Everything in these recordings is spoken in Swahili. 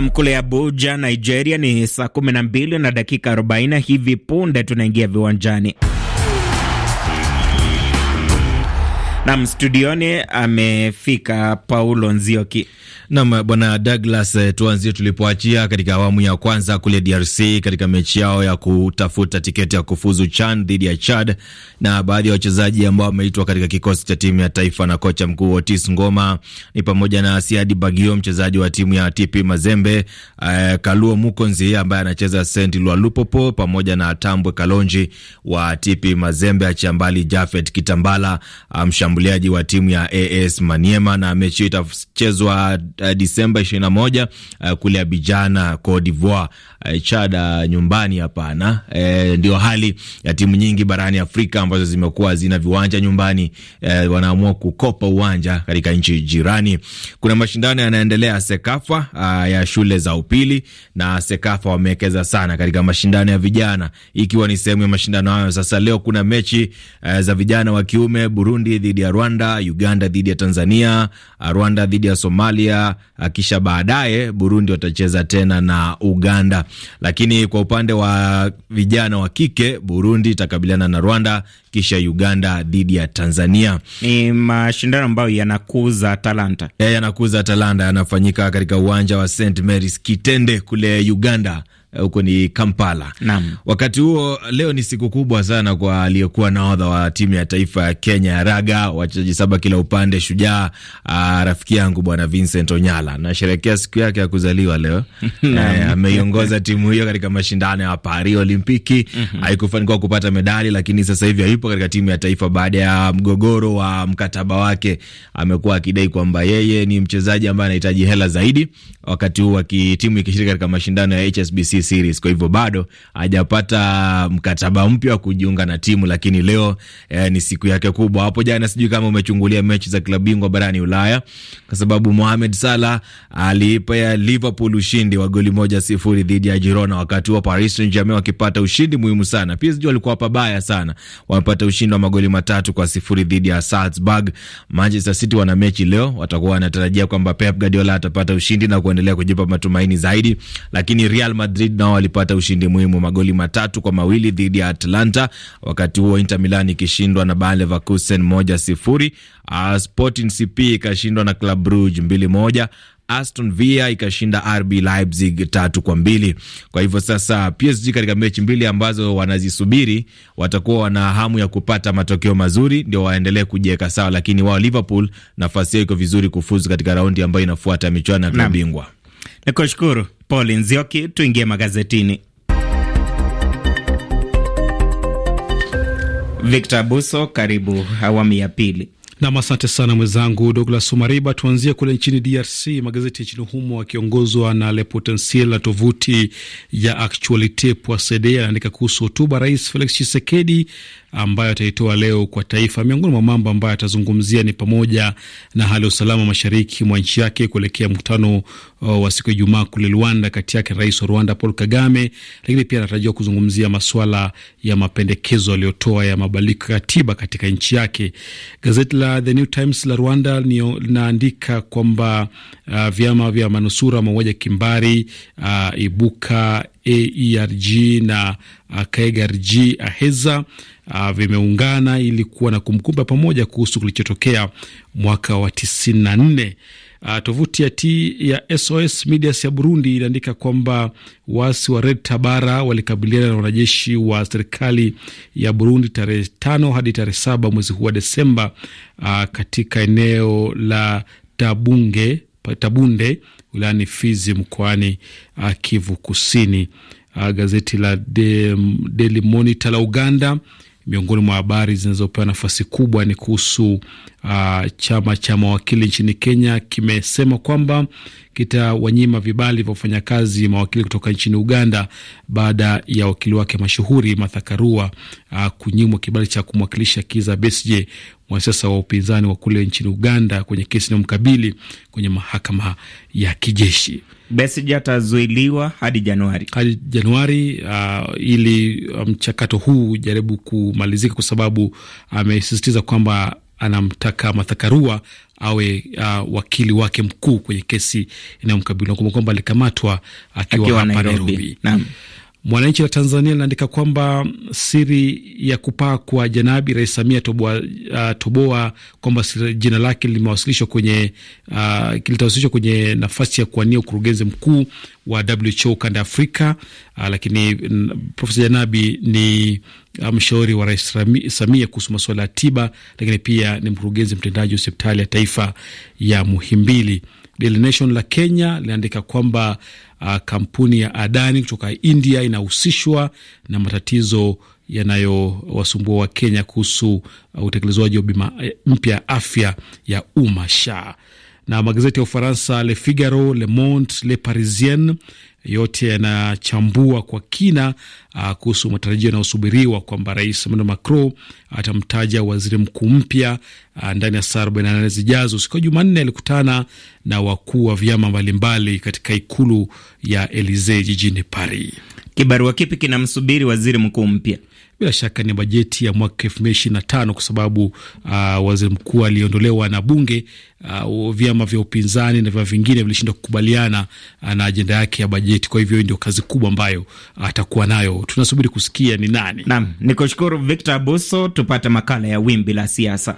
mkule ya Abuja, Nigeria ni saa 12 na dakika 40. Hivi punde tunaingia viwanjani. Nam studioni amefika Paulo Nzioki. Nam bwana Douglas, eh, tuanzie tulipoachia katika awamu ya kwanza kule DRC katika mechi yao ya kutafuta tiketi ya kufuzu CHAN dhidi ya Chad, na baadhi ya wachezaji ambao wameitwa katika kikosi cha timu ya taifa na kocha mkuu Otis Ngoma ni pamoja na Siadi Bagio, mchezaji wa timu ya TP Mazembe, eh, Kaluo Mukonzi ambaye anacheza Saint Lualupopo, pamoja na Tambwe Kalonji wa TP Mazembe, achiambali Jafet Kitambala, mshambuliaji wa timu ya AS Maniema, na mechi itachezwa uh, Disemba 21 uh, kule Abijana, Cote d'Ivoire, e, chada nyumbani hapana. E, ndio hali ya timu nyingi barani Afrika ambazo zimekuwa zina viwanja nyumbani e, wanaamua kukopa uwanja katika nchi jirani. Kuna mashindano yanaendelea Sekafa a, ah, ya shule za upili na Sekafa wamewekeza sana katika mashindano ya vijana, ikiwa ni sehemu ya mashindano hayo. Sasa leo kuna mechi e, za vijana wa kiume, Burundi dhidi ya Rwanda, Uganda dhidi ya Tanzania, ah, Rwanda dhidi ya Somalia, ah, kisha baadaye Burundi watacheza tena na Uganda. Lakini kwa upande wa vijana wa kike, Burundi itakabiliana na Rwanda kisha Uganda dhidi ya Tanzania. Ni mashindano ambayo yanakuza talanta e, yanakuza talanta, yanafanyika katika uwanja wa St Mary's Kitende kule Uganda. Eh, huko ni Kampala. Naam. Wakati huo leo ni siku kubwa sana kwa aliyekuwa nahodha wa timu ya taifa ya Kenya ya raga, wachezaji saba kila upande, shujaa a, ah, rafiki yangu bwana Vincent Onyala nasherekea siku yake ya kuzaliwa leo e, ameiongoza timu hiyo katika mashindano ya Paris Olimpiki. Mhm. Haikufanikiwa kupata medali, lakini sasa hivi haipo katika timu ya taifa baada ya mgogoro wa mkataba wake. Amekuwa akidai kwamba yeye ni mchezaji ambaye anahitaji hela zaidi, wakati huu timu ikishiriki katika mashindano ya HSBC Series. Kwa hivyo bado hajapata mkataba mpya wa kujiunga na timu, lakini leo eh, ni siku yake kubwa. Hapo jana, sijui kama umechungulia mechi za klabu bingwa barani Ulaya, kwa sababu Mohamed Salah aliipa Liverpool ushindi wa goli moja sifuri dhidi ya Girona, wakati wa Paris Saint-Germain wakipata ushindi muhimu sana. PSG walikuwa pabaya sana, wamepata ushindi wa magoli matatu kwa sifuri dhidi ya Salzburg. Manchester City wana mechi leo, watakuwa wanatarajia kwamba Pep Guardiola atapata ushindi na kuendelea kujipa matumaini zaidi, lakini Real Madrid Madrid nao walipata ushindi muhimu magoli matatu kwa mawili dhidi ya Atlanta, wakati huo Inter Milan ikishindwa na Bayer Leverkusen moja sifuri. Uh, Sporting CP ikashindwa na Club Brugge mbili moja. Aston Villa ikashinda RB Leipzig tatu kwa mbili. Kwa hivyo sasa PSG katika mechi mbili ambazo wanazisubiri watakuwa wana hamu ya kupata matokeo mazuri ndio waendelee kujiweka sawa, lakini wao Liverpool nafasi yao iko vizuri kufuzu katika raundi ambayo inafuata michuano ya klabu mabingwa. Ni kushukuru Paul Nzioki. Tuingie magazetini. Victor Buso, karibu awamu ya pili. Nam, asante sana mwenzangu Douglas umariba Tuanzie kule nchini DRC. Magazeti nchini humo akiongozwa na Le Potentiel na tovuti ya Actualite Poisede anaandika kuhusu hotuba Rais Felix chisekedi ambayo ataitoa leo kwa taifa. Miongoni mwa mambo ambayo atazungumzia ni pamoja na hali ya usalama mashariki mwa nchi yake kuelekea mkutano uh, wa siku ya Ijumaa kule Rwanda, kati yake rais wa Rwanda Paul Kagame, lakini pia anatarajiwa kuzungumzia masuala ya mapendekezo aliyotoa ya mabadiliko ya katiba katika nchi yake. Gazeti la The New Times la Rwanda linaandika kwamba uh, vyama vya manusura mauaji kimbari uh, Ibuka, AERG na uh, KAIGRG e aheza uh, uh, vimeungana ili kuwa na kumkumba pamoja kuhusu kilichotokea mwaka wa 94 Uh, ah, tovuti ya T ya SOS Medias ya Burundi inaandika kwamba waasi wa Red Tabara walikabiliana na wanajeshi wa serikali ya Burundi tarehe tano hadi tarehe saba mwezi huu wa Desemba uh, katika eneo la Tabunge, Tabunde wilayani Fizi mkoani uh, Kivu Kusini. Uh, gazeti la Daily Monitor la Uganda miongoni mwa habari zinazopewa nafasi kubwa ni kuhusu uh, chama cha mawakili nchini Kenya kimesema kwamba kitawanyima vibali vya wafanyakazi mawakili kutoka nchini Uganda baada ya wakili wake mashuhuri Martha Karua uh, kunyimwa kibali cha kumwakilisha Kizza Besigye mwanasiasa wa upinzani wa kule nchini Uganda kwenye kesi inayomkabili kwenye mahakama ya kijeshi. Besigye atazuiliwa hadi Januari, hadi Januari uh, ili uh, mchakato um, huu jaribu kumalizika, kwa sababu amesisitiza kwamba anamtaka Mathakarua awe uh, wakili wake mkuu kwenye kesi inayomkabili. Nakumbuka kwamba alikamatwa akiwa hapa Nairobi. Mwananchi la Tanzania linaandika kwamba siri ya kupaa kwa janabi Rais Samia toboa, uh, toboa kwamba jina lake limewasilishwa kwenye uh, litawasilishwa kwenye nafasi ya kuwania ukurugenzi mkuu wa WHO kanda Afrika. Uh, lakini Profesa Janabi ni uh, mshauri wa Rais Samia kuhusu masuala ya tiba, lakini pia ni mkurugenzi mtendaji wa hospitali ya taifa ya Muhimbili. Daily Nation la Kenya linaandika kwamba uh, kampuni ya Adani kutoka India inahusishwa na matatizo yanayowasumbua wa Kenya kuhusu uh, utekelezwaji wa bima eh, mpya ya afya ya umma sha na magazeti ya Ufaransa, Le Figaro, Le Monde, Le Parisien yote yanachambua kwa kina uh, kuhusu matarajio yanayosubiriwa kwamba Rais Emmanuel Macron atamtaja waziri mkuu mpya uh, ndani ya saa 48 zijazo. Siku ya Jumanne alikutana na wakuu wa vyama mbalimbali katika ikulu ya Elisee jijini Paris. Kibarua kipi kinamsubiri waziri mkuu mpya? bila shaka ni bajeti ya mwaka elfu mbili ishirini na tano kwa sababu uh, waziri mkuu aliondolewa na bunge. Uh, vyama vya upinzani na vyama vingine vilishindwa kukubaliana uh, na ajenda yake ya bajeti. Kwa hivyo hii ndio kazi kubwa ambayo uh, atakuwa uh, nayo. Tunasubiri kusikia ni nani. Naam, nikushukuru Victor abuso tupate makala ya wimbi la siasa.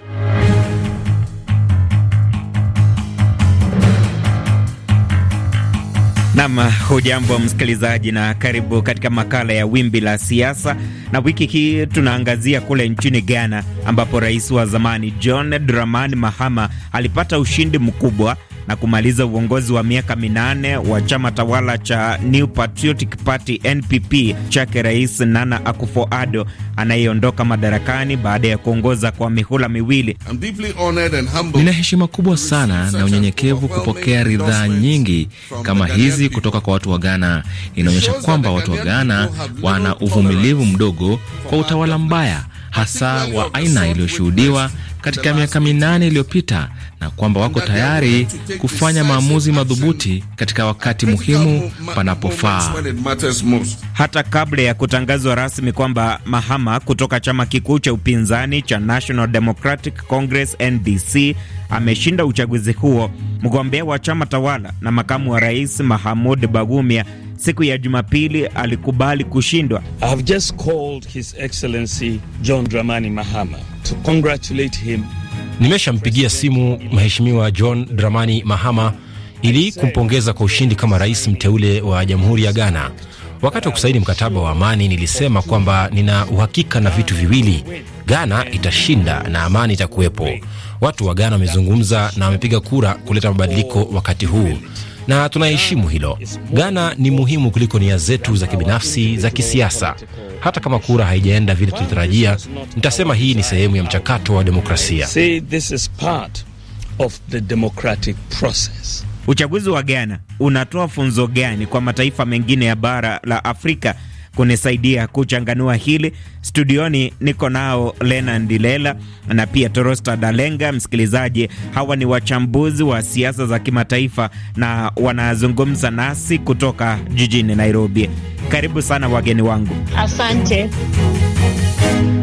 Nam, hujambo msikilizaji, na karibu katika makala ya wimbi la siasa, na wiki hii tunaangazia kule nchini Ghana ambapo rais wa zamani John Dramani Mahama alipata ushindi mkubwa na kumaliza uongozi wa miaka minane wa chama tawala cha New Patriotic Party NPP chake Rais Nana Akufo-Addo anayeondoka madarakani baada ya kuongoza kwa mihula miwili. Nina heshima kubwa sana na unyenyekevu kupokea ridhaa nyingi kama hizi kutoka kwa watu wa Ghana. Inaonyesha kwamba watu wa Ghana wana uvumilivu mdogo kwa utawala mbaya hasa wa aina iliyoshuhudiwa katika miaka minane iliyopita na kwamba wako tayari kufanya maamuzi madhubuti katika wakati muhimu panapofaa. Hata kabla ya kutangazwa rasmi kwamba Mahama kutoka chama kikuu cha upinzani cha National Democratic Congress NDC ameshinda uchaguzi huo, mgombea wa chama tawala na makamu wa rais Mahamud Bagumia siku ya Jumapili alikubali kushindwa. I have just called His Excellency John Dramani Mahama to congratulate him Nimeshampigia simu Mheshimiwa John Dramani Mahama ili kumpongeza kwa ushindi kama rais mteule wa Jamhuri ya Ghana. Wakati wa kusaini mkataba wa amani nilisema kwamba nina uhakika na vitu viwili: Ghana itashinda na amani itakuwepo. Watu wa Ghana wamezungumza na wamepiga kura kuleta mabadiliko wakati huu na tunaheshimu hilo. Ghana ni muhimu kuliko nia zetu za kibinafsi za kisiasa. Hata kama kura haijaenda vile tulitarajia, nitasema hii ni sehemu ya mchakato wa demokrasia. Uchaguzi wa Ghana unatoa funzo gani kwa mataifa mengine ya bara la Afrika kunisaidia kuchanganua hili. Studioni niko nao Lena Ndilela na pia Torosta Dalenga. Msikilizaji, hawa ni wachambuzi wa siasa za kimataifa na wanazungumza nasi kutoka jijini Nairobi. Karibu sana wageni wangu, asante.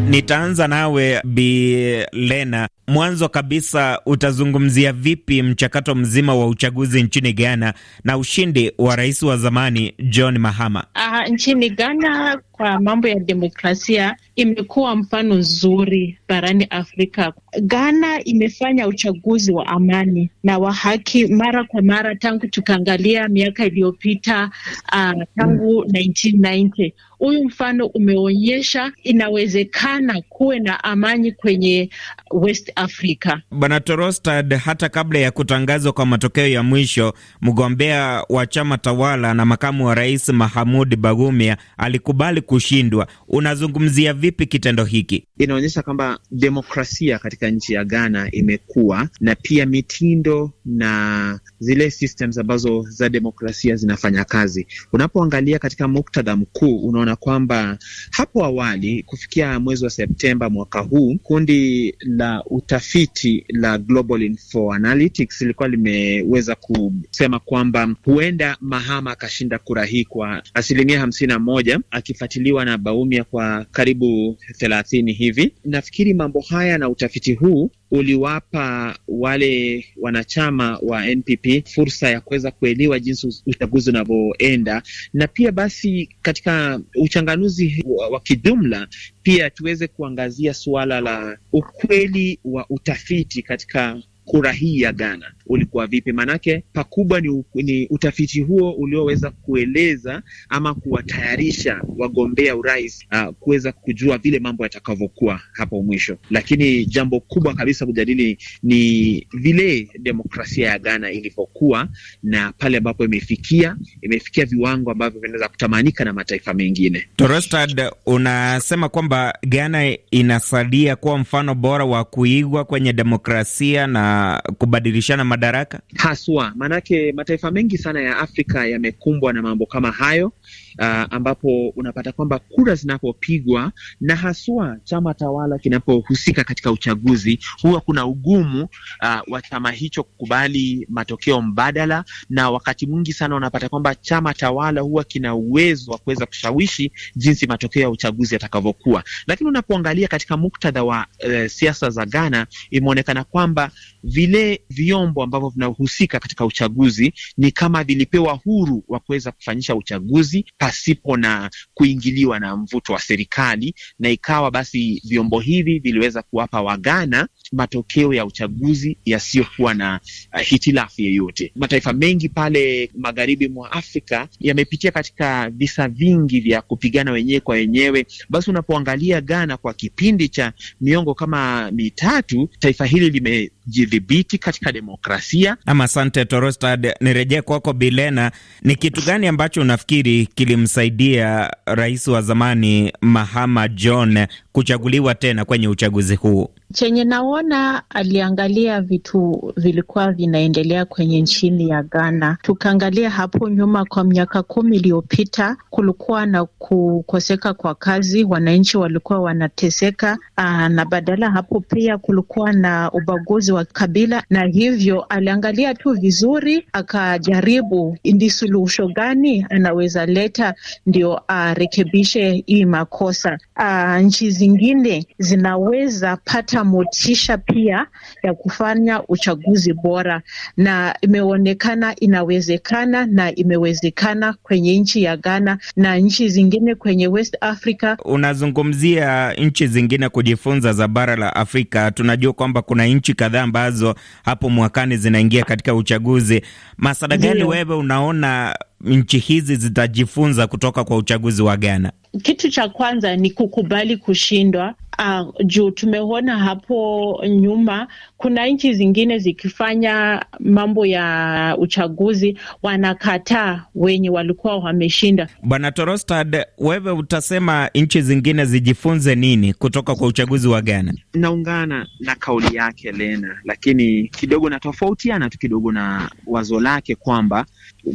Nitaanza nawe Bi Lena, mwanzo kabisa utazungumzia vipi mchakato mzima wa uchaguzi nchini Ghana na ushindi wa rais wa zamani John Mahama? Uh, nchini Ghana kwa mambo ya demokrasia imekuwa mfano nzuri barani Afrika. Ghana imefanya uchaguzi wa amani na wa haki mara kwa mara tangu tukaangalia miaka iliyopita, uh, tangu 1990 Huyu mfano umeonyesha inawezekana kuwe na amani kwenye West Afrika. Bwana Torostad, hata kabla ya kutangazwa kwa matokeo ya mwisho, mgombea wa chama tawala na makamu wa rais Mahamud Bagumia alikubali kushindwa. Unazungumzia vipi kitendo hiki? Inaonyesha kwamba demokrasia katika nchi ya Ghana imekuwa na pia mitindo na zile systems ambazo za demokrasia zinafanya kazi. Unapoangalia katika muktadha mkuu, unaona kwamba hapo awali kufikia mwezi wa Septemba mwaka huu kundi la tafiti la Global Info Analytics lilikuwa limeweza kusema kwamba huenda Mahama akashinda kura hii kwa asilimia hamsini na moja akifuatiliwa na Baumia kwa karibu thelathini hivi. Nafikiri mambo haya na utafiti huu uliwapa wale wanachama wa NPP fursa ya kuweza kuelewa jinsi uchaguzi unavyoenda, na pia basi katika uchanganuzi wa kijumla pia tuweze kuangazia suala la ukweli wa utafiti katika kura hii ya Ghana ulikuwa vipi? Maanake pakubwa ni, ni utafiti huo ulioweza kueleza ama kuwatayarisha wagombea urais uh, kuweza kujua vile mambo yatakavyokuwa hapo mwisho. Lakini jambo kubwa kabisa kujadili ni vile demokrasia ya Ghana ilivyokuwa na pale ambapo imefikia, imefikia viwango ambavyo vinaweza kutamanika na mataifa mengine. Torostad, unasema kwamba Ghana inasalia kuwa mfano bora wa kuigwa kwenye demokrasia na kubadilishana madaraka haswa, maanake mataifa mengi sana ya Afrika yamekumbwa na mambo kama hayo uh, ambapo unapata kwamba kura zinapopigwa na haswa chama tawala kinapohusika katika uchaguzi, huwa kuna ugumu uh, wa chama hicho kukubali matokeo mbadala, na wakati mwingi sana unapata kwamba chama tawala huwa kina uwezo wa kuweza kushawishi jinsi matokeo ya uchaguzi yatakavyokuwa. Lakini unapoangalia katika muktadha wa uh, siasa za Ghana, imeonekana kwamba vile vyombo ambavyo vinahusika katika uchaguzi ni kama vilipewa huru wa kuweza kufanyisha uchaguzi pa pasipo na kuingiliwa na mvuto wa serikali, na ikawa basi vyombo hivi viliweza kuwapa Waghana matokeo ya uchaguzi yasiyokuwa na uh, hitilafu yeyote. Mataifa mengi pale magharibi mwa Afrika yamepitia katika visa vingi vya kupigana wenyewe kwa wenyewe. Basi unapoangalia Ghana kwa kipindi cha miongo kama mitatu, taifa hili lime kujidhibiti katika demokrasia. Ama asante Torostad, nirejee kwako Bilena, ni kitu gani ambacho unafikiri kilimsaidia rais wa zamani Mahama John kuchaguliwa tena kwenye uchaguzi huu? Chenye naona aliangalia vitu vilikuwa vinaendelea kwenye nchini ya Ghana. Tukaangalia hapo nyuma, kwa miaka kumi iliyopita kulikuwa na kukoseka kwa kazi, wananchi walikuwa wanateseka, na badala hapo pia kulikuwa na ubaguzi wa kabila, na hivyo aliangalia tu vizuri, akajaribu ndi suluhisho gani anaweza leta ndio arekebishe hii makosa. Ah, nchi zingine zinaweza pata motisha pia ya kufanya uchaguzi bora, na imeonekana inawezekana na imewezekana kwenye nchi ya Ghana na nchi zingine kwenye West Africa. Unazungumzia nchi zingine kujifunza za bara la Afrika. Tunajua kwamba kuna nchi kadhaa ambazo hapo mwakani zinaingia katika uchaguzi. Masada gani wewe unaona nchi hizi zitajifunza kutoka kwa uchaguzi wa Ghana? Kitu cha kwanza ni kukubali kushindwa. Uh, juu tumeona hapo nyuma kuna nchi zingine zikifanya mambo ya uchaguzi wanakataa wenye walikuwa wameshinda. Bwana Torostad, wewe utasema nchi zingine zijifunze nini kutoka kwa uchaguzi wa Ghana? Naungana na kauli yake Lena, lakini kidogo na tofautiana tu kidogo na wazo lake kwamba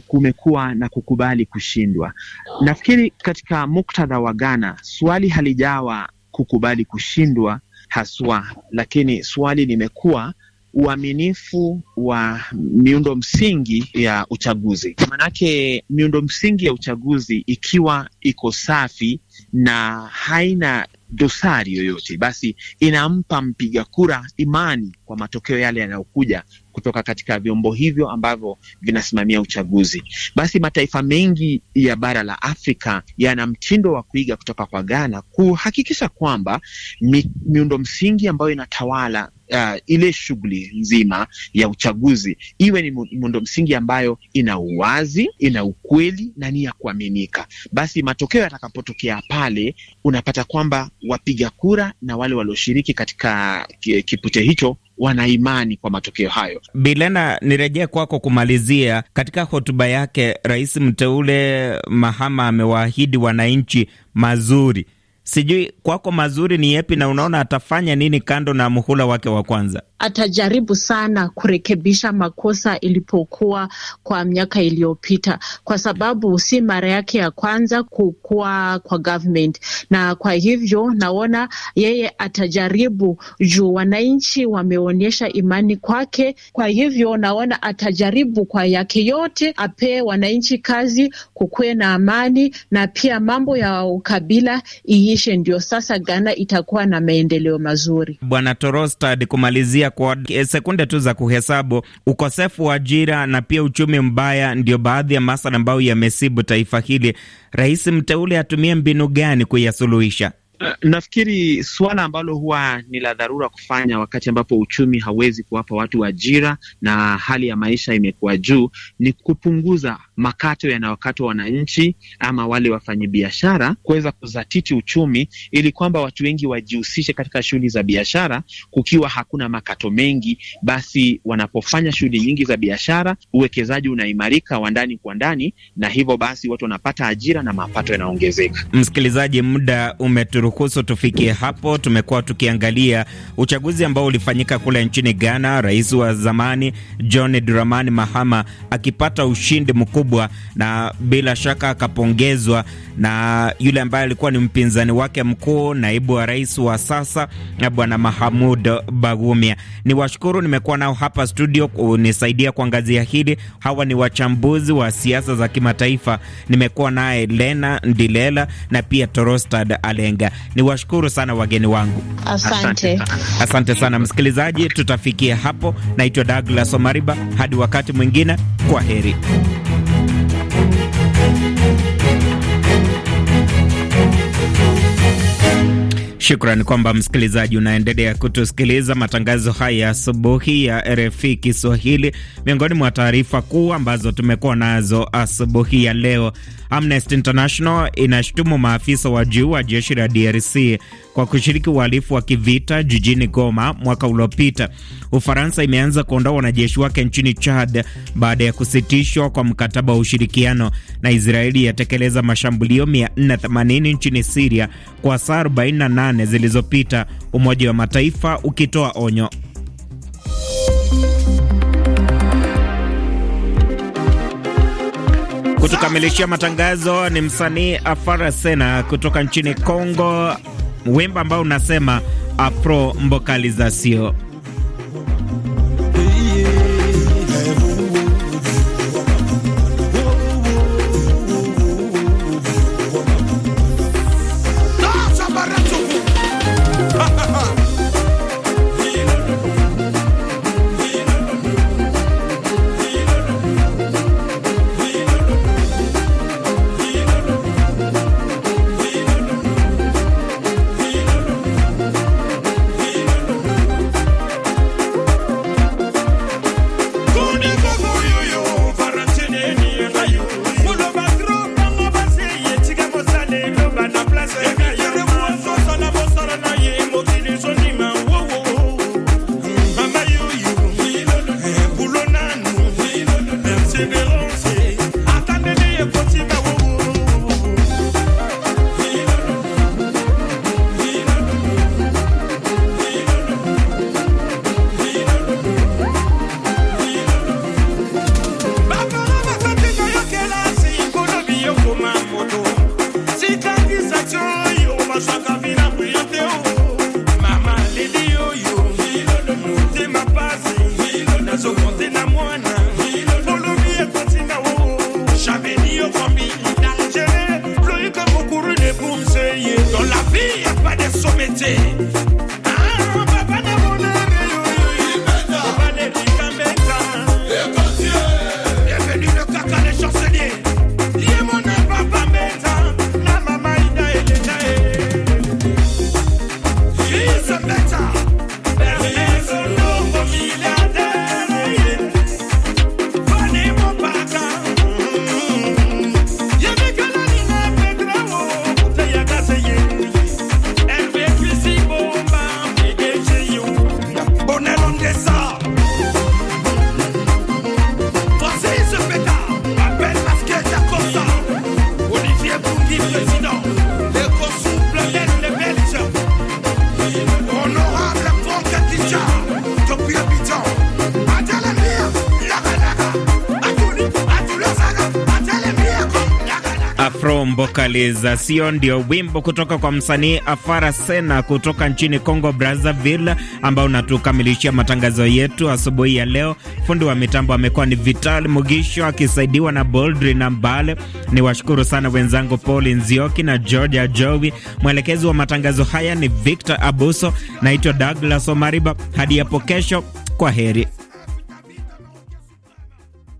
kumekuwa na kukubali kushindwa. Nafikiri katika mukta muktadha wa Ghana, swali halijawa kukubali kushindwa haswa, lakini swali limekuwa uaminifu wa miundo msingi ya uchaguzi. Maanake miundo msingi ya uchaguzi ikiwa iko safi na haina dosari yoyote, basi inampa mpiga kura imani kwa matokeo yale yanayokuja, kutoka katika vyombo hivyo ambavyo vinasimamia uchaguzi. Basi mataifa mengi ya bara la Afrika yana mtindo wa kuiga kutoka kwa Ghana kuhakikisha kwamba mi, miundo msingi ambayo inatawala Uh, ile shughuli nzima ya uchaguzi iwe ni miundo msingi ambayo ina uwazi, ina ukweli na ni ya kuaminika. Basi matokeo yatakapotokea pale, unapata kwamba wapiga kura na wale walioshiriki katika kipute hicho wana imani kwa matokeo hayo. Bilena, nirejee kwako kumalizia. Katika hotuba yake, rais mteule Mahama amewaahidi wananchi mazuri. Sijui kwako mazuri ni yepi, na unaona atafanya nini kando na muhula wake wa kwanza? atajaribu sana kurekebisha makosa ilipokuwa kwa miaka iliyopita, kwa sababu si mara yake ya kwanza kukua kwa government, na kwa hivyo naona yeye atajaribu juu wananchi wameonyesha imani kwake. Kwa hivyo naona atajaribu kwa yake yote, apee wananchi kazi, kukuwe na amani na pia mambo ya ukabila iishe, ndio sasa Ghana itakuwa na maendeleo mazuri. Bwana Torostad, kumalizia kwa eh, sekunde tu za kuhesabu. Ukosefu wa ajira na pia uchumi mbaya ndio baadhi ya masala ambayo yamesibu taifa hili. Rais mteule atumie mbinu gani kuyasuluhisha? Eh, nafikiri suala ambalo huwa ni la dharura kufanya wakati ambapo uchumi hauwezi kuwapa watu ajira na hali ya maisha imekuwa juu ni kupunguza makato yanayokatwa wananchi ama wale wafanyabiashara kuweza kuzatiti uchumi, ili kwamba watu wengi wajihusishe katika shughuli za biashara. Kukiwa hakuna makato mengi, basi wanapofanya shughuli nyingi za biashara, uwekezaji unaimarika wa ndani kwa ndani, na hivyo basi watu wanapata ajira na mapato yanaongezeka. Msikilizaji, muda umeturuhusu tufikie hapo. Tumekuwa tukiangalia uchaguzi ambao ulifanyika kule nchini Ghana, rais wa zamani John Dramani Mahama akipata ushindi mkubwa makubwa, na bila shaka akapongezwa na yule ambaye alikuwa ni mpinzani wake mkuu, naibu wa rais wa sasa na Bwana Mahamud Bagumia. Ni washukuru, nimekuwa nao hapa studio kunisaidia kuangazia hili. Hawa ni wachambuzi wa siasa za kimataifa, nimekuwa naye Lena Ndilela na pia Torostad Alenga. Ni washukuru sana wageni wangu, asante. Asante sana msikilizaji, tutafikia hapo. Naitwa Douglas Omariba, hadi wakati mwingine, kwa heri. Shukran kwamba msikilizaji unaendelea kutusikiliza matangazo haya ya asubuhi ya RFI Kiswahili. Miongoni mwa taarifa kuu ambazo tumekuwa nazo asubuhi ya leo, Amnesty International inashutumu maafisa wa juu wa jeshi la DRC kwa kushiriki uhalifu wa kivita jijini Goma mwaka uliopita. Ufaransa imeanza kuondoa wanajeshi wake nchini Chad baada ya kusitishwa kwa mkataba wa ushirikiano, na Israeli yatekeleza mashambulio 480 nchini Siria kwa saa 48 zilizopita, Umoja wa Mataifa ukitoa onyo. Kutukamilishia matangazo ni msanii Afara Sena kutoka nchini Kongo wimbo ambao unasema apro mbokalizasio Mbokalization ndio wimbo kutoka kwa msanii Afara Sena kutoka nchini Congo Brazzaville, ambao unatukamilishia matangazo yetu asubuhi ya leo. Fundi wa mitambo amekuwa ni Vital Mugisho akisaidiwa na Boldri na Mbale. Ni washukuru sana wenzangu Paul Nzioki na Georgia Jowi. Mwelekezi wa matangazo haya ni Victor Abuso. Naitwa Douglas Omariba. Hadi hapo kesho, kwa heri.